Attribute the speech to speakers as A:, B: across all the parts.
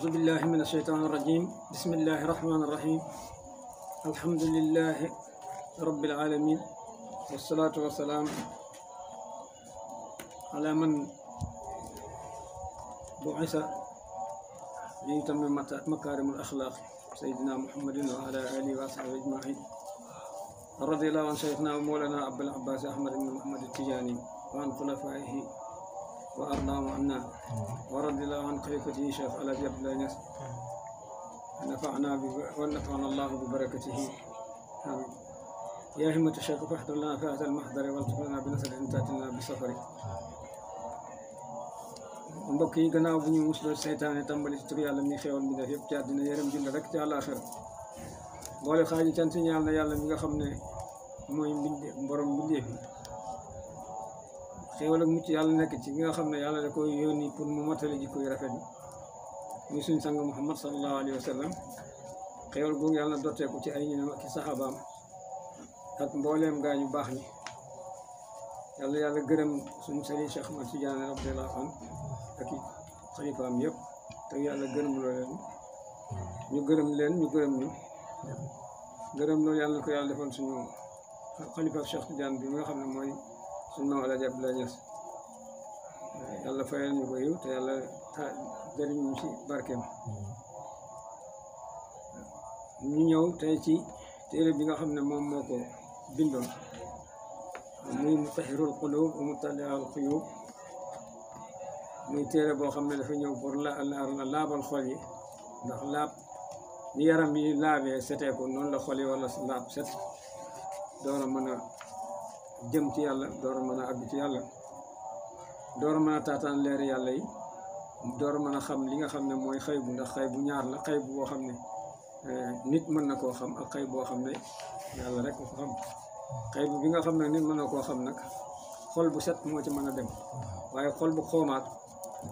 A: أعوذ بالله من الشيطان الرجيم بسم الله الرحمن الرحيم الحمد لله رب العالمين والصلاة والسلام على من بعث ليتم مكارم الأخلاق سيدنا محمد وعلى آله وصحبه أجمعين رضي الله عن شيخنا ومولانا عبد العباس أحمد بن محمد التجاني وعن خلفائه وأرضاهم عنا ورضي الله عن خليفة شيخ على جبل الناس نفعنا ونفعنا الله ببركته آمين يا همة الشيخ فاحضر لنا فئة المحضر والتقلنا بنسل انتاتنا بسفري مبكي غنا بني مسلو سيتاني تنبلي تري على ميخي والمدى في ابتعدنا يرم جل ركت على آخر بولي خاجي تنتيني على يالا ميخي خمني موين بندي برم بندي xéewal ak mucc yàlla nekk ci ki nga xam ne yàlla da koy yónni pour mu mottali jikko yu rafet muy suñ sang Muhammad sallallahu alayhi wa sallam xéewal googu yàlla dotteeku ci ay ñoom ak saxaabaam ak mbooleem gaa ñu baax ñi yàlla yàlla gërëm suñ sëriñ Cheikh Ahmad Tidiane radiyallahu anhu ak i xalifaam yëpp te yàlla gërëm loolu ñu gërëm leen ñu gërëm ñu loolu yàlla ko yàlla defoon suñu xalifa Cheikh Tidiane bi nga xam ne mooy suñu maam El Hadj Abdoulaye Niass yàlla fayal ñu ko yiw te yàlla ta jëriñ ñu si barkeem ñu ñëw te ci téere bi nga xam ne moom moo ko bindoon muy mu qulub wa mutali'ul quyub muy téere boo xam ne dafa ñëw pour la laabal xol yi ndax laab ni yaram yi laabee setee noonu la xol yi wala laab set doona mën a jëm ci yàlla door a mën a àgg ci yàlla door a mën a taataan leeri yàlla yi door a mën a xam li nga xam ne mooy xëy bu ndax xëy bu ñaar la xëy bu boo xam ne eh, nit mën na koo xam ak boo xam ne bu bi nga xam ne nit mën na koo xam nag xol bu set moo ci mën a dem waaye xol bu xoomaat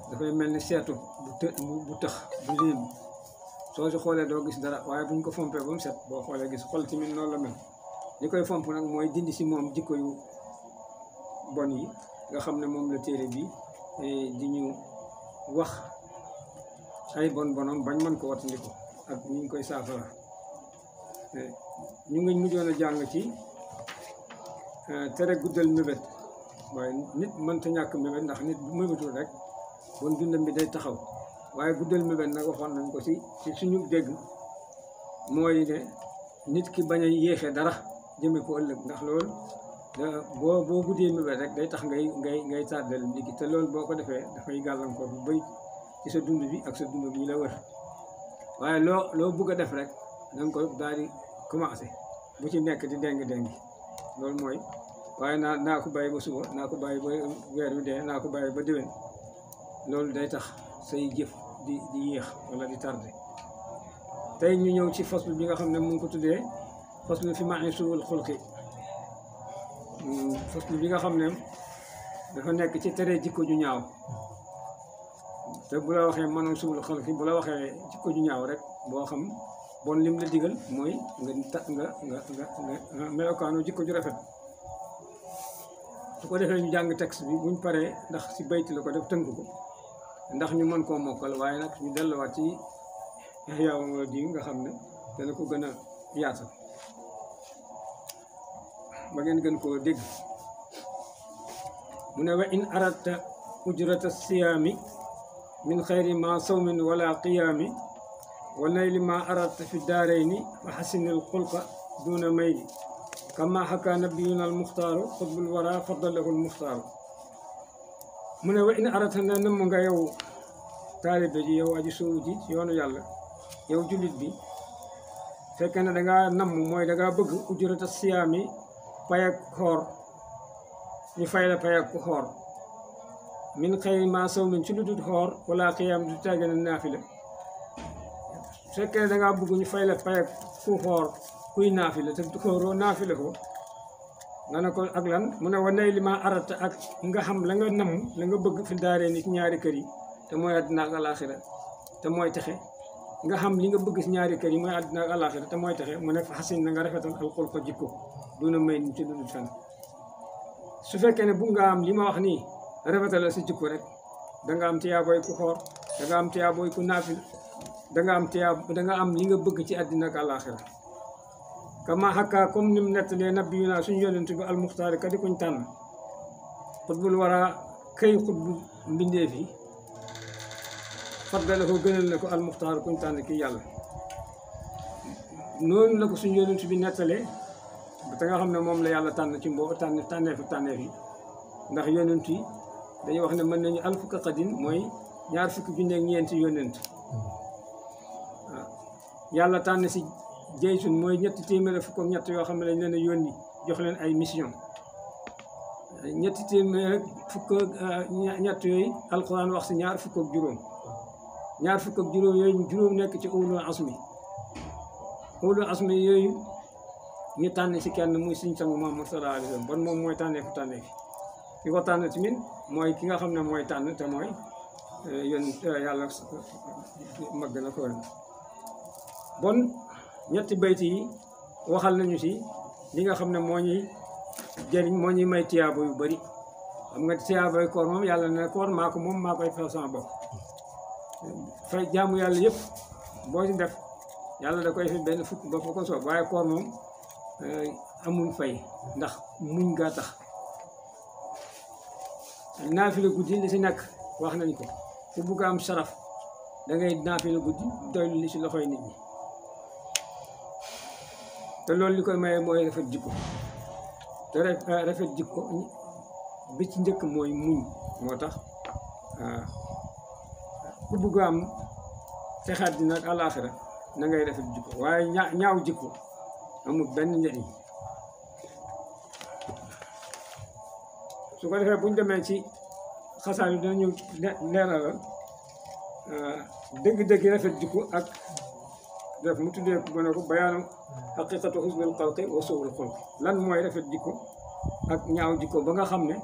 A: dafay mel ni seetu bu të bu tëx bu liim soo ci xoolee doo gis dara waaye buñ ko fompee ba mu set boo xoolee gis xol tamit noonu la mel li koy fomp nag mooy dindi si moom jikko yu bon yi nga xam ne moom la téere bi eh, di ñu wax ay bon bonam bañ mën ko wattandiku ak ñu ngi koy saafara eh, ñu ngi mujjoon a jàng ci eh, tere guddal mébét waaye nit mënta ñàkk mébét ndax nit bu mébétul rek bon dundam bi day taxaw waaye guddal mébét nag waxoon nañ ko si ci suñu dégg mooy nit ki bañ a yéexe dara jëmee ko ëllëg ndax loolu boo boo guddee mébét rek day tax ngay ngay ngay tardel nit te lool boo ko defee dafay gàllankoor bu bëri ci sa dund bi ak sa dund bi ñu la wër waaye loo loo bugg a def rek da ko daal di commencé bu ci nekk di déng déngi loolu mooy waaye naa naa ko bàyyi ba suba naa ko bàyyi ba weer wi dee naa ko bàyyi ba déwén loolu day tax say jëf di di yéex wala di tardé tey ñu ñëw ci fas bi nga xam ne mu ko tuddee faslu fi maa suul xulqi hmm, faslu bi nga xam ne dafa nekk ci tere jikko ju ñaaw te bu la waxee maanaam suul xulqi bu la waxee jikko ju ñaaw rek boo xam bon lim la digal mooy nga ta nga nga nga melokaanu jikko ju rafet su ko defee ñu jàng texte bi buñ paree ndax si bayti la ko def tënk ko ndax ñu mën koo mokkal waaye nag ñu delluwaat ci Ihyaa Ulumuddin nga xam ne dana ko gën a yaatal ba ngeen gën koo dégg mu ne wa in aradta ujrata siyaami min xayri ma sawmin wala qiyaami wa nayli ma aradta fi daarayni wa xasinil xulqa duuna mayli kama xaka nabiyuna almuxtaaru xutbul wara faddalahu almuxtaaru mu ne wa in aradta na namm nga yow taalibe ji yow aji soowu ji yoonu yàlla yow jullit bi fekkee ne dangaa namm mooy dangaa bëgg ujurata siyaami payak koor ñu fay la payak ku xoor min xëy maa sow min ci lu dul xoor wala xiyam du tàgge na naafila su fekkee da ngaa bëgg ñu fay la payak ku xoor kuy naafila te du xooroo naafila ko nga ne ko ak lan mu ne wanay li ma arata ak nga xam la nga nam la nga bëgg fi daaree ni ci ñaari kër yi te mooy àddina ak alaaxira te mooy texe nga xam li nga bëgg si ñaari kër yi mooy àddina ak alaaxira te mooy texe mu ne fa xasin na nga rafetal alxul ko jikko duna may ci dund fen su fekkee ne bu nga am li ma wax nii rafetal sa jikko rek danga am tiyaaboy ku xoor da am tiyaaboy ku naafil da nga am tiyaab da am li nga bëgg ci àddina ak àllaaxira kama hakka comme ni mu nettalee nabiyu naa suñu yonent bi almuxtaar kadi kuñ tànn xutbul wara kay xutbu mbindee na ko almuxtaar kuñ bi nettalee te nga xam ne moom la yàlla tànn ci mboo tànn tànneefu tànneef yi ndax yonent yi dañuy wax ne mën nañu al fukk alfukka xadin mooy ñaar fukki junne ak ñeenti yonent waaw yàlla tànn si jeysun mooy ñetti téeméer fukk ak yoo xam ne dañ leen a yónni jox leen ay mission ñetti téeméer ak fukk ñett yooyu alxuraan wax si ñaar fukk ak juróom ñaar fukk ak juróom yooyu juróom nekk ci ulul asmi ulul asmi yooyu ñu tànn si kenn muy suñ sama Muhammad sallallahu alayhi wa sallam bon moom mooy tànn mooy ki nga xam ne mooy tànn te mooy eh, yón eh, yàlla mag na bon ñetti bayt yi waxal nañu si li nga xam ne moo ñuy jëriñ moo ñuy may tiyaabo yu bari xam koor moom yàlla ne koor maa koy fay sama bopp fay jaamu yàlla yëpp boo si def yàlla da koy fi benn fukk ba fa ko soob waaye koor moom Euh, amul fay ndax muñ gaa tax naafila guddi li si nekk wax nañ ko ku bugg am saraf dangay naafila guddi doylu li si loxoy nit ñi te loolu li ko maye mooy rafet jikko te euh, rafet jikko bi ci njëkk mooy muñ moo tax euh, ku bugg am texaat dina ak àllaaxira na rafet jikko waaye ñaaw jikko amul benn njëriñ su ko defee bu ñu demee ci xasaar yi dinañu leeralal euh, dëgg-dëgg rafet jikko ak def mu tuddee ba ne ko bayaanu xaqiqatu xusnul xalqi wa suwul xalqi lan mooy rafet jikko ak ñaaw jikko ba nga xam ne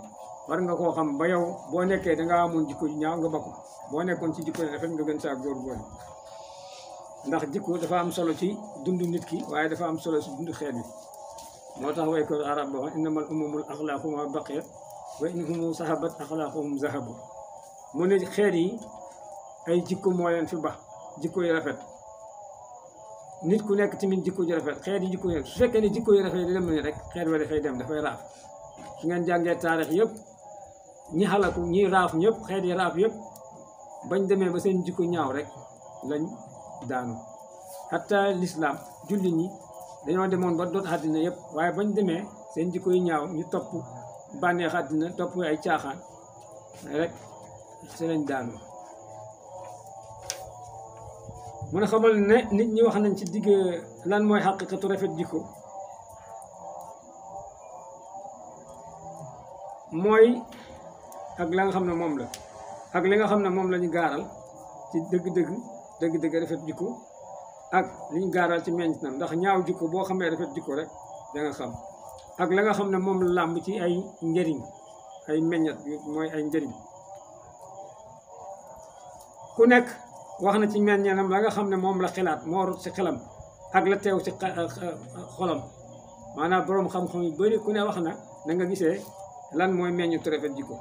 A: war nga koo xam ba yow boo nekkee dangaa amoon jikko ju ñaaw nga bakko boo nekkoon ci jikko ne rafet nga gën goor góor góor ndax jikko dafa am solo ci dundu nit ki waye dafa am solo ci dundu xeet motax way ko arab bo innamal umumul akhlaqu ma baqiya wa innahum sahabat akhlaquhum zahabu mune xéer yi ay jikko mo len fi ba jikko yi rafet nit ku nekk tamit jikko yi rafet xéer yi jikko yi su fekkene jikko yi rafet dem ni rek xéer wa dafay dem dafay raf su ngeen jangé tarikh yëpp ñi halaku ñi raf ñëpp xéer yi raf yëpp bañ démé ba seen jikko ñaaw rek lañ daanu xatta lislaam jullit ñi dañoo demoon ba doot àddina yëpp waaye bañ demee seen jikko yu ñaaw ñu topp bànneex àddina topp ay caaxaan rek si daanu mun a xamal ne nit ñi wax nañ ci digg lan mooy xaqiqatu rafet jikko mooy ak la nga xam ne moom la ak li nga xam ne moom la ñu gaaral ci dëgg-dëgg deug deug rafet jikko ak liñ garal ci meññ na ndax ñaaw jikko bo xamé rafet jikko rek da nga xam ak la nga xam mom moom ci ay njëriñ ay meññat moy ay njëriñ ku nek wax na ci meññeenam la nga xam ne la xalaat mo rot ci xelam ak la tew ci xolam manam borom xam-xam yu bari ku ne wax na nga gisee lan moy meññu rafet jikko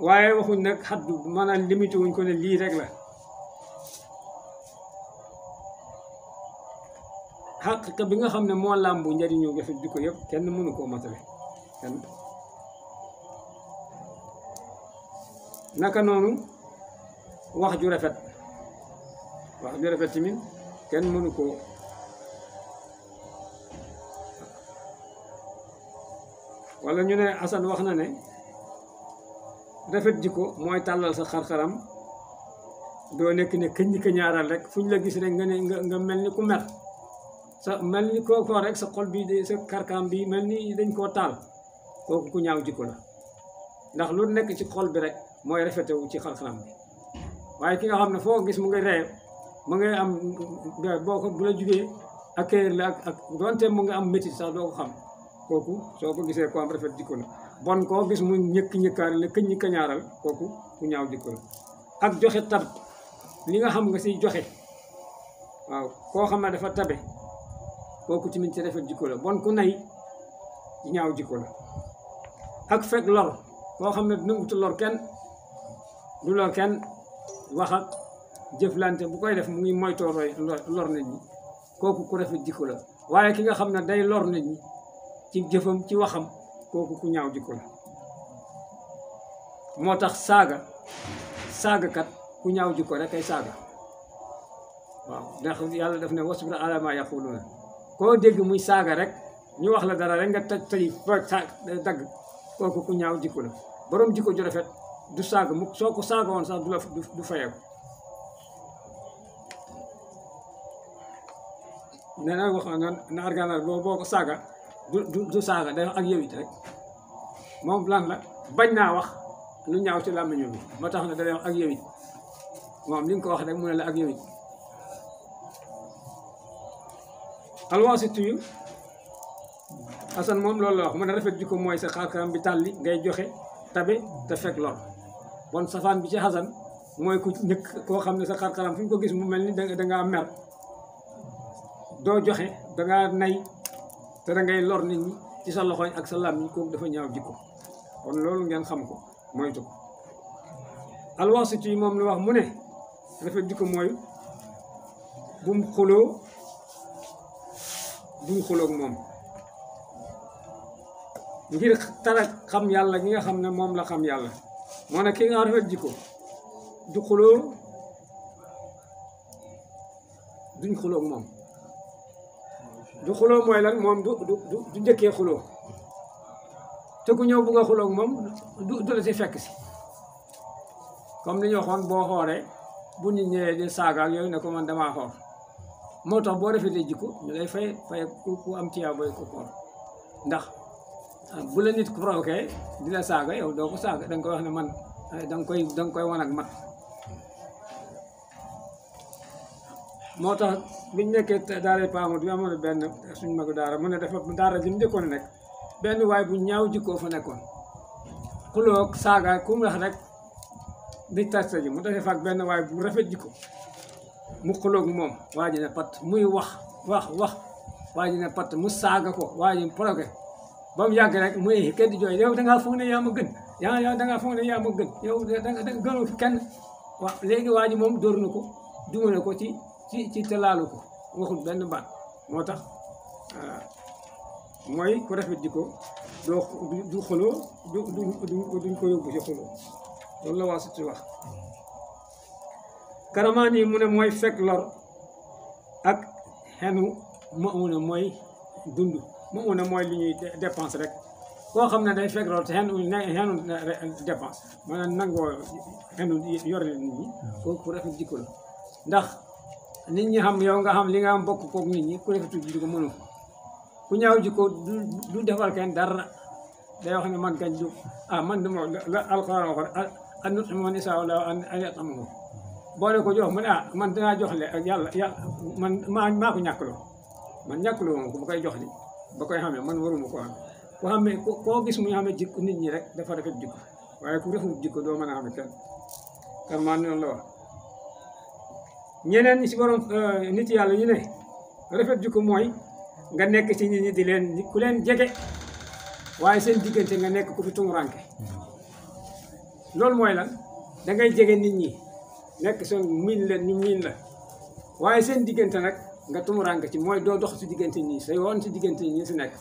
A: waaye waxuñ nag xaddu maanaam limité wuñ ko ne lii rek la xaqiqa bi nga xam ne moo làmbu njëriñu rafet di ko yëpp kenn mënu koo matale kenn naka noonu wax ju rafet wax ju rafet tamit kenn mënu ko wala ñu ne Assane wax na ne rafet jikko mooy tàllal sa xar-xaram doo nekk ne këñ ka ñaaral rek fu ñu la gis rek nga ne nga mel ni ku mer sa mel ni koo koo rek sa xol bi sa karkaam mel ni dañ koo taal kooku ku ñaaw jikko la ndax lu nekk ci xol bi rek mooy rafetewu ci xar-xaram bi waaye ki nga xam ne foo gis mu ngi ree mu ngay am boo ko bu la jugee ak kër la ak ak mu ngi am métit sax doo ko xam kooku soo ko gisee ko am rafet jikko la bon koo gis mu ñëkk ñëkkaari la këñ ñi kañaaral kooku ku ñaaw jikko la ak joxe tab li nga xam nga siy joxe waaw koo xam ne dafa tabe kooku ci min ci rafet jikko la bon ku nay ñaaw jikko la ak fekk lor koo xam ne nangutu lor kenn du lor kenn wax ak jëflante bu koy def mu ngi moytoo lor nit ñi kooku ku rafet jikko la waaye ki nga xam ne day lor nit ñi ci jëfam ci waxam kooku ku ñaaw jikko la moo tax saaga saagakat ku ñaaw jikko rek ay saaga waaw ndax yàlla def ne wasbir alaa maa yaquluuna koo dégg muy saaga rek ñu wax la dara rek nga taj tëj dagg kooku ku ñaaw jikko la borom jikko ju rafet du saaga mukk soo ko saaga woon sax du la du fayeeku nee na wax na arganaar boo boo saaga du du saaga day wax ak yow it rek moom lan la bañ naa wax lu ñaaw ci làmmiñam bi moo tax na day wax ak yow moom li nga ko wax rek mu ne la ak yow it alwaasitiyu Asan moom loolu la wax mu ne rafet jikko mooy sa xarkaram bi tàlli ngay joxe tabe te fekk lor bon safaan bi ci Asan mooy ku njëkk koo xam ne sa xarkaram fu ñu ko gis mu mel ni da dangaa mer doo joxe dangaa nay te da ngay lor nit ñi ci sa loxoy ak sa làmmiñ kooku dafa ñaaw jikko kon loolu ngeen xam ko moytu ko alwaasitu yi moom lu wax mu ne rafet jikko mooy bum xuloo bum moom ngir tara xam yàlla gi nga xam ne moom la xam yàlla moo ne ki nga rafet jikko du xuloo duñ xuloog moom du xuloo mooy lan moom du du du njëkkee xuloo te ku ñëw bugg a xuloo moom du du la si fekk si comme li ñu waxoon boo xooree bu nit ñëwee di saaga ak yooyu ne ko man damaa xoor moo tax boo rafetee jikko ñu lay fay fay ku ku am tiyaa booy ku xoor ndax ah, bu la nit provoqué dina saaga yow doo ko saaga da nga koy wax ne man eh, da nga koy da mat moo tax biñ nekkee daaree Paamour bi amoon benn suñu magu daara mu ne dafa daara ji mu njëkkoon nekk benn waay bu ñaaw jikkoo fa nekkoon xuloo saagaay ku mu wax rek di tasta ji mu defee faak benn waay bu rafet jikko mu xuloog moom waa ji ne pat muy wax wax wax waa ji ne pat mu saaga ko waa ji proge ba mu yàgg rek muy kenn di jooy yow da ngaa foog ne yaa ma gën yaa yow da ngaa foog ne yaa ma gën yow da nga gënoo fi kenn waaw léegi waa ji moom dóor na ko duma na ko ci ci ci te laalu ko waxul benn baat moo tax euh, mooy ku rafet di ko doo du xoloo du duñ ko yóbbu ci xoloo loolu la waa wax karamaan yi mu ne mooy fekk lor ak xenu mauna mooy dund mauna mooy li ñuy dépense rek koo xam ne day fekk lool te xenu xenu dépense maanaam nangoo xenu yor nit ñi hmm. kooku rafet jikko la ndax nit ñi xam yow nga xam li nga am bokk kook nit ñi ku rafetu jikko mënu ko ku ñaaw jikko du du defal kenn dara day wax ne man kañ du ah man du ma la alxuraan waxoon an nut'imu man nasha'u wala an yut'amu boole ko jox mu ne ah man danaa jox le ak yàlla yàlla man maa maa ko ñàkkuloo man ñàkkuloo moom ba koy jox li ba koy xamee man waruma ko xam ku xamee koo gis mu ñu xamee jikk nit ñi rek dafa rafet jikko waaye ku rafet jikko doo mën a xamee kenn kan maa la wax ñeneen ñi si borom euh, nit yàlla ñu ne rafet jikko mooy nga nekk ci nit ñi di leen ku leen jege waaye seen diggante nga nekk ku fi tumuranke loolu mooy lan da ngay nit ñi nekk seen miin leen ñu miin la waaye seen diggante nag nga tumuranke ci mooy doo dox si diggante ñi sa yoon si diggante ñi si nekk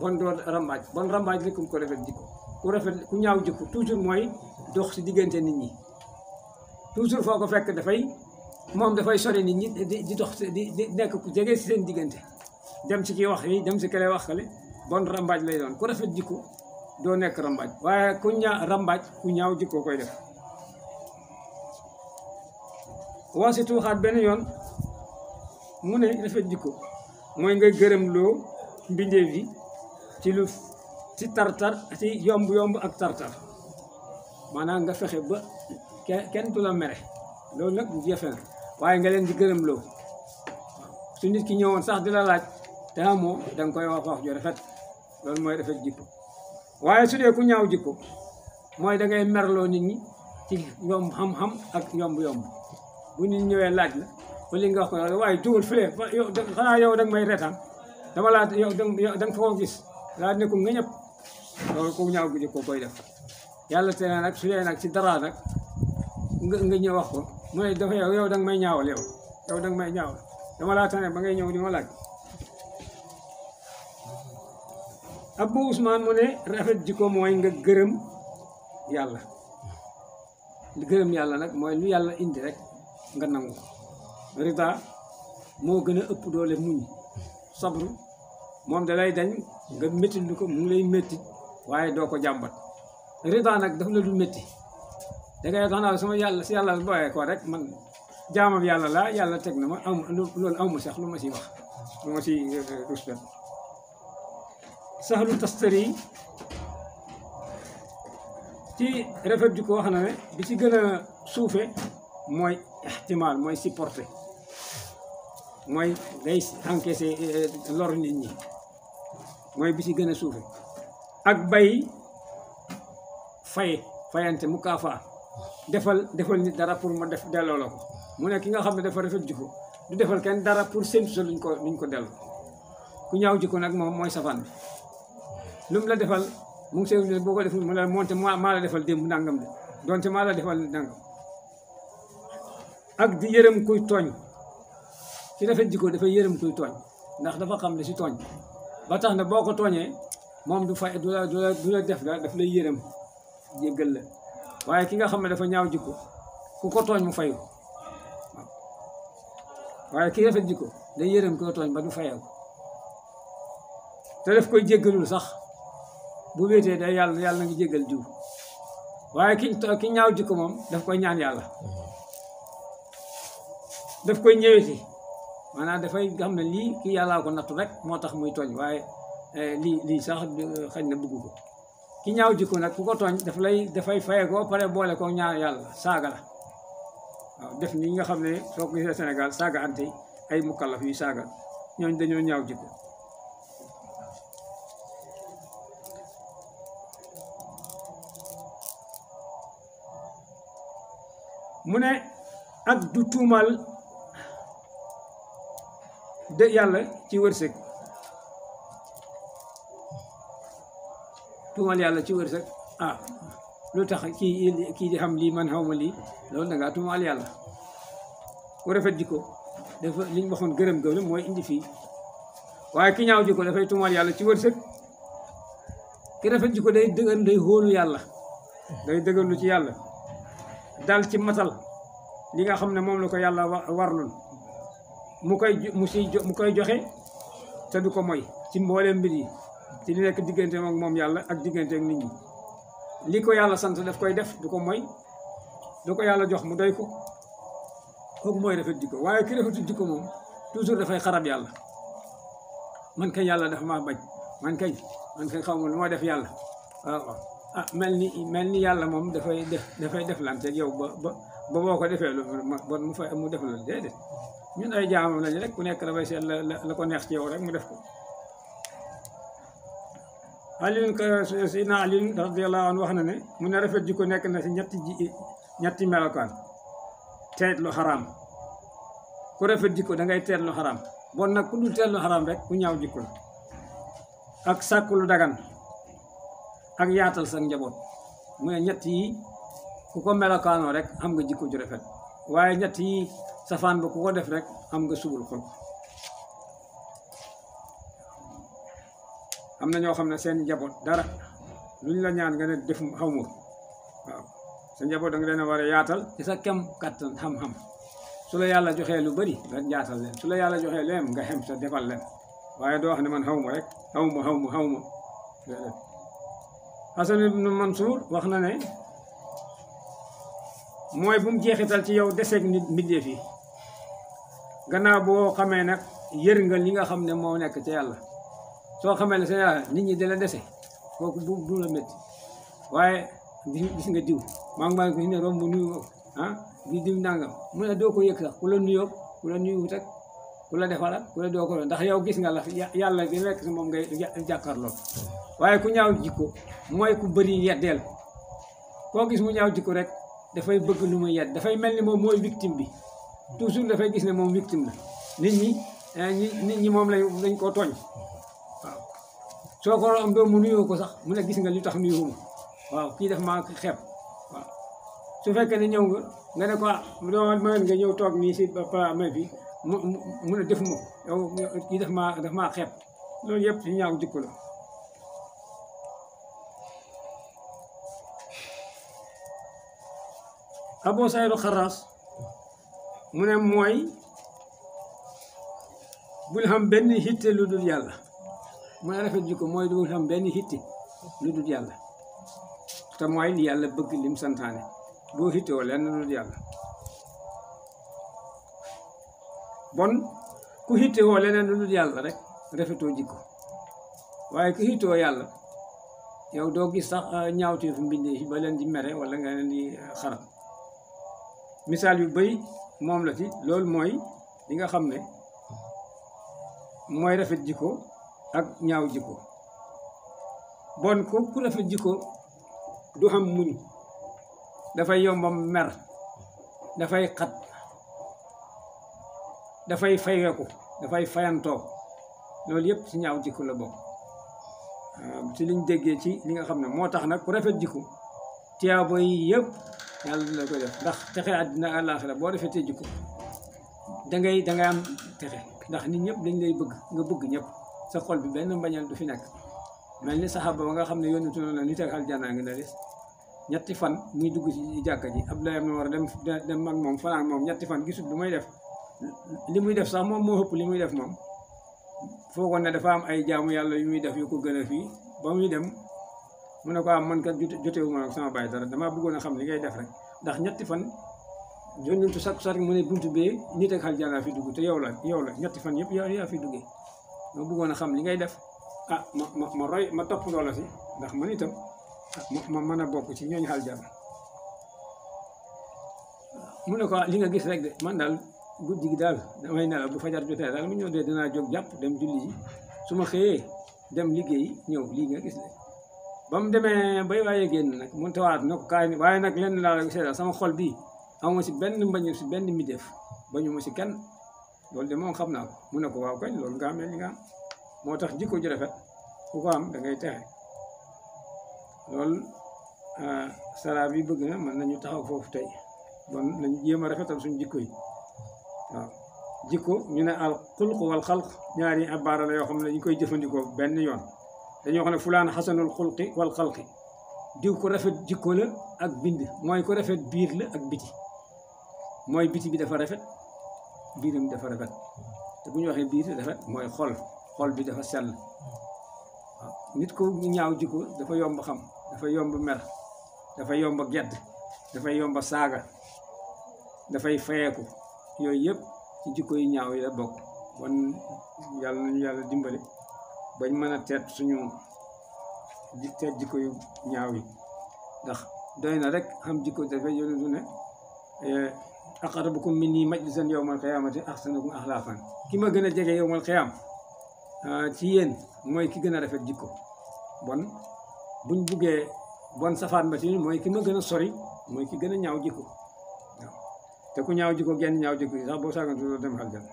A: bon doo rambaaj bon rambaaj nekkum ko rafet jikko ku rafet ku ñaaw jikko toujours mooy dox si diggante nit ñi toujours foo ko fekk dafay moom dafay sori nit di di dox di di nekk jege si seen diggante dem si ki wax yi dem si kële wax kële bon rambaaj lay doon ku rafet jikko doo nekk rambaaj waaye ku ñaa rambaaj ku ñaaw jikko koy def wasitu waxaat benn yoon mu ne rafet jikko mooy nga gërëm loo mbindeef yi ci lu ci tartar ci yomb yomb ak tartar maanaam nga fexe ba kenn du la mere loolu nag jafe na waaye nga leen di gërëm su nit ki ñëwoon sax di la laaj te amoo da koy wax wax ju rafet loolu mooy rafet jikko waaye su dee ku ñaaw jikko mooy da ngay merloo nit ñi ci yomb ak yomb-yomb ñëwee laaj li nga wax waaye dugal fële yow da nga may reetaan dama laa yow da nga foo gis laa ko nga ñëpp loolu ku ñaaw jikko koy def yàlla te nag su dee nag ci dara nag nga nga ñëw wax ko mu ne dafa yow yow danga may ñaawal yow yow danga may ñaawal dama laa tane ba ngay ñëw di ma laaj Abu Ousmane mu ne rafet jikko mooy nga gërëm yàlla li gërëm yàlla nag mooy lu yàlla indi rek nga nangu rida moo gën a ëpp doole muñ sabru moom da lay dañ nga métti lu ko mu ngi lay métti waaye doo ko jàmbat rida nag daf la du métti dangay tax naa yàlla si yàlla booyee ko rek man jaamam yàlla laa yàlla teg na ma am loolu amu sax lu ma si wax lu ma si eh, eh, ruspel saxlu tastari ci rafet ji wax na ne bi ci gën a suufe mooy ixtimaal mooy supporté mooy day encaissé eh, lor nit ñi mooy bi ci gën a suufe ak bay faye fayante mu kaafaa defal defal nit dara pour ma def delloo la ko mu ne ki nga xam ne dafa rafet jikko du defal kenn dara pour séntu sa lu ñu ko delloo ku ñaaw jikko nag moom mooy safaan bi lu mu la defal mu ngi seetlu ne boo ko deful mu la moonte maa la defal démb nangam de donte maa la defal nangam ak di yërëm kuy tooñ ci rafet jikko dafa yërëm kuy tooñ ndax dafa xam ne si tooñ ba tax na boo ko tooñee moom du fay du la du la def dara daf lay yërëm jéggal la waaye ki nga xam ne dafa ñaaw jikko ku ko tooñ mu fayu waaye ki rafet jikko day yërëm ki tooñ ba du fayew te def koy jéggalul sax bu wéetee day yàlla yàlla na ngi jéggal jiw waaye ki ki ñaaw jikko moom daf koy ñaan yàlla daf koy ñëweeti maanaam dafay xam ne lii ki yàllaa ko nattu rek moo tax muy tooñ waaye eh, lii lii sax eh, xañ na bugg ko ki ñaaw jikko nag ku ko tooñ daf lay dafay faye ko pare boole ko ñaar yàlla saaga la def nii nga xam ne soo ko gisee Sénégal saaga ante ay mukallaf yu saaga ñooñ dañoo ñaaw jikko mu ne ak du tuumal de yàlla ci wërsëg tuumal yàlla ci wërsëg ah, lu tax kii kii di xam lii man xaw ma lii loolu da ngaa tuumal yàlla ku rafet jikko dafa li ñu waxoon gërëm gërëm mooy indi fii waaye ki ñaaw jikko dafay tuumal yàlla ci wërsëg ki rafet jikko day dëgër day hóolu yàlla day dëgërlu ci yàlla dal ci matal li nga xam ne moom la ko yàlla warlul mu koy mu siy mu koy joxe te du ko moy ci mbooleem mbir yi ci li nekk digganteem ak moom yàlla ak digganteem nit ñi li ko yàlla sant daf koy def du ko moy du ko yàlla jox mu doy ko kooku mooy rafet jikko waaye ki rafetu ko moom toujours dafay xarab yàlla man kañ yàlla dafa maa bañ man kañ man kañ xaw lu ma def yàlla ah, waaw ah, mel ni mel ni yàlla moom dafay def dafay def lanteeg yow ba ba ba boo ko defee lu bon mu fay mu def la déedéet ñun ay jaamam lañu rek ku nekk dafay seet la la ko neex ci yow rek mu def ko Alioune Seydina Aliun radiyallahu anhu waxna ne mu ne rafet jiko nek na si ñetti ji ñetti melokan teet lu haram ku rafet jiko da ngay teet lu haram bon nak ku dul teet lu haram rek ku ñaaw jiko ak sakku lu dagan ak yaatal sa njabot mu ne ñetti yi ku ko melokan rek am nga jiko ju rafet waye ñetti safan bu ku ko def rek am nga subul xol am na ñoo xam ne seen njaboot dara luñ la ñaan nga ne def xaw waaw sa njaboot da nga leen a war a yaatal ci sa kem kattan xam-xam su la yàlla joxee lu bari nga njaatal leen su la yàlla joxee leen nga xem sa defal leen waaye doo wax ne man xaw ma rek xaw ma xaw ma xaw ma wax na ne mooy bu mu jeexital ci yow deseeg nit mbindeef yi gannaaw boo xamee nag yër nga li nga xam ne moo nekk ci yàlla soo xamal ne sa yàlla nit ñi dala dese kooku bu du la métti waaye gis nga diw maa ngi maa ne romb nuyu ah, di diw mu ne doo ko yëg sax ku la nuyoo ku la nuyuwut ak ku la defaral ku la doo ko ndax yow gis nga la yàlla di nekk si moom ngay jàkkaarloo waaye ku ñaaw jikko mooy ku bëri yeddeel koo gis mu ñaaw jikko rek dafay bëgg lu muy yedd dafay mel ni moom mooy victime bi toujours dafay gis ne moom victime la nit ñi eh, ñi moom lañ dañ koo tooñ soo ko am doom mu ko sax mu ne gis nga li tax nuyoo ma waaw kii def maa xeeb su fekkee ne ñëw nga nga ne ko doo ah, mën nga ñëw toog nii si bi kii def maa def maa loolu yëpp si ñaaw jikko la Abu Saydu Xaraas mu ne mooy bul xam benn hitte lu dul yàlla mooy rafet jikko mooy du xam benn hitti lu dul yàlla te mooy li yàlla bëgg lim santaane boo hittoo lenn lu dul yàlla bon ku hittewoo leneen lu dul yàlla rek rafetoo jikko waaye ku hittoo yàlla yow doo gis sax ah, ñaawteefu mbindee ba leen di mere wala nga leen di ah, xaram misaal yu bëy moom la ci loolu mooy li nga xam ne mooy rafet jikko ak ñaaw jikko bon ko ku rafet jikko du am muñ dafay yombam mer dafay xat dafay fayweku dafay fayantoo loolu yëpp ci ñaaw jikko la bokk ci liñ déggee ci li nga xam ne moo tax nag ku rafet jikko tiyaabo yi yëpp yàlla dina ko def ndax texe àddina àllaaxira boo rafetee jikko da ngay da am texe ndax nit ñëpp dañ lay bëgg nga bëgg ñëpp sa xol bi benn mbañeel du fi nekk mel ni saxaaba ba nga xam ne yónni tuloon na nit ak aljana ngi na des fan muy dugg ci jàkka ji Abdoulaye am na war a dem dem ak moom fanaan moom ñetti fan gisul lu may def li muy def sax moom moo ëpp li muy def moom foogoon ne dafa am ay jaamu yàlla yu muy def yu gën fii ba muy dem mu ne ko am ah, man kat jotewu ma sama baay dara damaa bëggoon a xam li ngay def rek ndax ñetti fan yónni tu sakku sar mu ne buntu bee nit ak aljana fi dugg te yow la yow la ñetti fan yëpp yow yaa fi duggee ma bëggoon a xam li ngay def ah ma ma ma roy ma topp loola si ndax man itam ma mën a bokk ci ñooñu xal jàmm mu ne ko ah, li nga gis rek de man daal guddi gi daal damay nelaw bu fajar jotee daal mu ñëw dee dinaa jóg jàpp dem julli ji su ma xëyee dem liggéey ñëw lii nga gis rek ba mu demee bay waaye génn nag mun tawaat na ko kaay waaye nag lenn laa la seetal sama xol bii amu si benn mbañu si benn mi def bañu ma si kenn loolu de moom xam naa ko mu ne ko waaw kañ loolu nga amee li nga am moo tax jikko ji rafet ku ko am da ngay texe loolu sara bi bëgg na mën nañu taxaw foofu tey bon nañu jéem a rafetal suñu jikko yi waaw jikko ñu ne al xulq wal xalq ñaari abaara la yoo xam ne ñu koy jëfandikoo benn yoon dañu xam ne fulaan xasanul xulqi wal xalqi diw ko rafet jikko la ak bind mooy ko rafet biir la ak biti mooy biti bi dafa rafet biiram mu rafet te bu ñu waxee biir rafet mooy xol xol bi dafa sell nit ku ñaaw jikko dafa yomb xam dafa yomb mer dafa yomb gedd dafa yomb saaga dafay fayeeku yooyu yëpp ci jikko yi ñaaw yi la bokk kon yàlla nañu dimbali bañ mën a teet suñu teet jikko yu ñaaw yi doy na rek xam jikko dafa yónni ko seen aqrabukum minni majlisan yawmal ak ahsanukum axlaaqan ki ma gën a jege yawmal qiyaam ah, ci yéen mooy ki gën a rafet jikko bon buñ buggee bon safaan ba si mooy ki ma gën a sori mooy ki gën a ñaaw jikko te ku ñaaw jikko genn ñaaw jikko yi sax boo saagantu doo dem aljana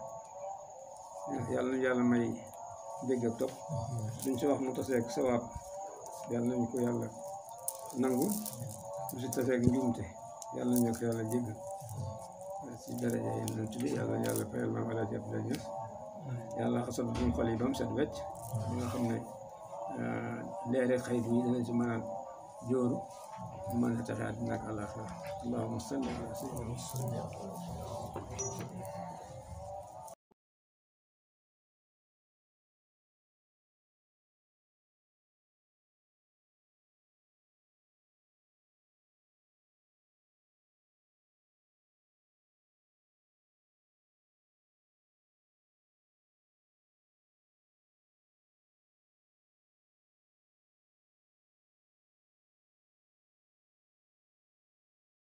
A: eh, yàlla nañu yàlla may dégg ak topp duñ si wax mu taseeg sawaab yàlla nañu ko yàlla nangu mu si njuumte yàlla nañu ko yàlla jéggal درجة ينتبه yàlla yàlla fayal maam El Hadj Abdoulaye Niass yàlla xasal buñ xol yi ba mu set wecc ñi nga xam ne leere xëy bi danañ si mën a jóoru mën a taxe àddina ak àllaaxira allahumma salli ala sayyidina